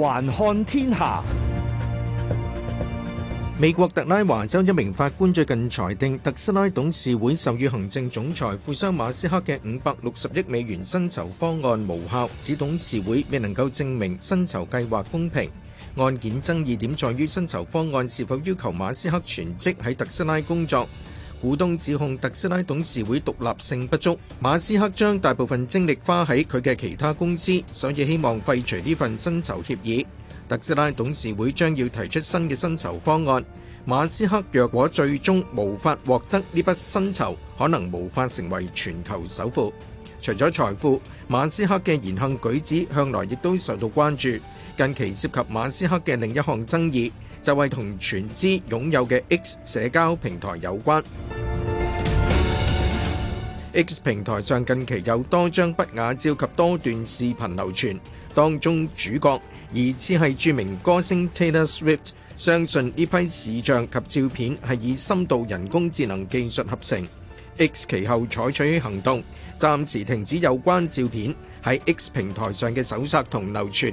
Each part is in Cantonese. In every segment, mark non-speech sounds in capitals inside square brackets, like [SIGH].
環看天下，美國特拉華州一名法官最近裁定，特斯拉董事會授予行政總裁富商馬斯克嘅五百六十億美元薪酬方案無效，指董事會未能夠證明薪酬計劃公平。案件爭議點在於薪酬方案是否要求馬斯克全職喺特斯拉工作。股東指控特斯拉董事會獨立性不足，馬斯克將大部分精力花喺佢嘅其他公司，所以希望廢除呢份薪酬協議。特斯拉董事會將要提出新嘅薪酬方案，馬斯克若果最終無法獲得呢筆薪酬，可能無法成為全球首富。除咗財富，馬斯克嘅言行舉止向來亦都受到關注，近期涉及馬斯克嘅另一項爭議。就係、是、同全資擁有嘅 X 社交平台有關。X 平台上近期有多張不雅照及多段視頻流傳，當中主角疑似係著名歌星 Taylor Swift。相信呢批視像及照片係以深度人工智能技術合成。X 其後採取行動，暫時停止有關照片喺 X 平台上嘅搜索同流傳。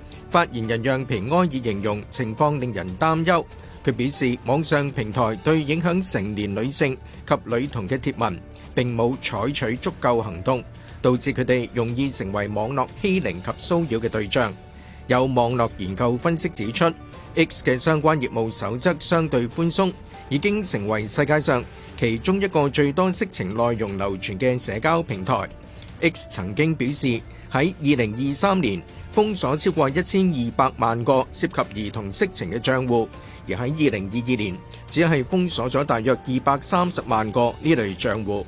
發言人讓平安以形容情況令人擔憂。佢表示，網上平台對影響成年女性及女童嘅貼文並冇採取足夠行動，導致佢哋容易成為網絡欺凌及騷擾嘅對象。有網絡研究分析指出，X 嘅相關業務守則相對寬鬆，已經成為世界上其中一個最多色情內容流傳嘅社交平台。X 曾經表示，喺二零二三年，封鎖超過一千二百萬個涉及兒童色情嘅賬戶，而喺二零二二年，只係封鎖咗大約二百三十萬個呢類賬戶。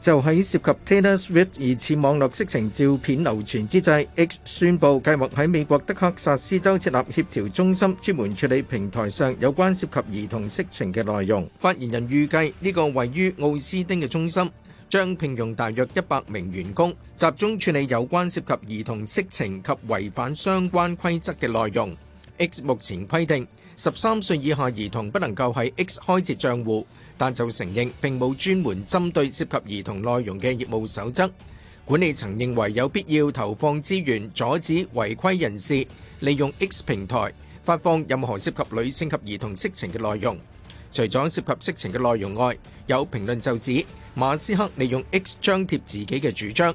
就喺涉及 Taylor Swift 疑似網絡色情照片流傳之際，X 宣布計劃喺美國德克薩斯州設立協調中心，專門處理平台上有關涉及兒童色情嘅內容。 [MUSIC] 發言人預計呢個位於奧斯丁嘅中心。將聘用大約一百名員工，集中處理有關涉及兒童色情及違反相關規則嘅內容。X 目前規定十三歲以下兒童不能夠喺 X 開設賬戶，但就承認並冇專門針對涉及兒童內容嘅業務守則。管理層認為有必要投放資源阻止違規人士利用 X 平台發放任何涉及女性及兒童色情嘅內容。除咗涉及色情嘅內容外，有評論就指馬斯克利用 X 張貼自己嘅主張。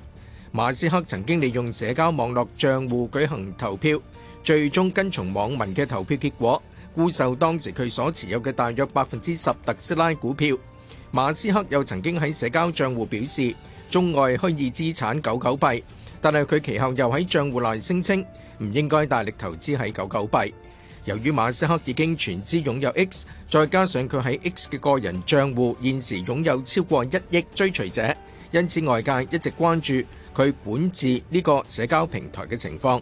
馬斯克曾經利用社交網絡帳戶舉行投票，最終跟從網民嘅投票結果，沽售當時佢所持有嘅大約百分之十特斯拉股票。馬斯克又曾經喺社交帳戶表示，中外虛擬資產狗狗幣，但係佢其後又喺帳戶內聲稱唔應該大力投資喺狗狗幣。由於馬斯克已經全資擁有 X，再加上佢喺 X 嘅個人賬戶現時擁有超過一億追隨者，因此外界一直關注佢管治呢個社交平台嘅情況。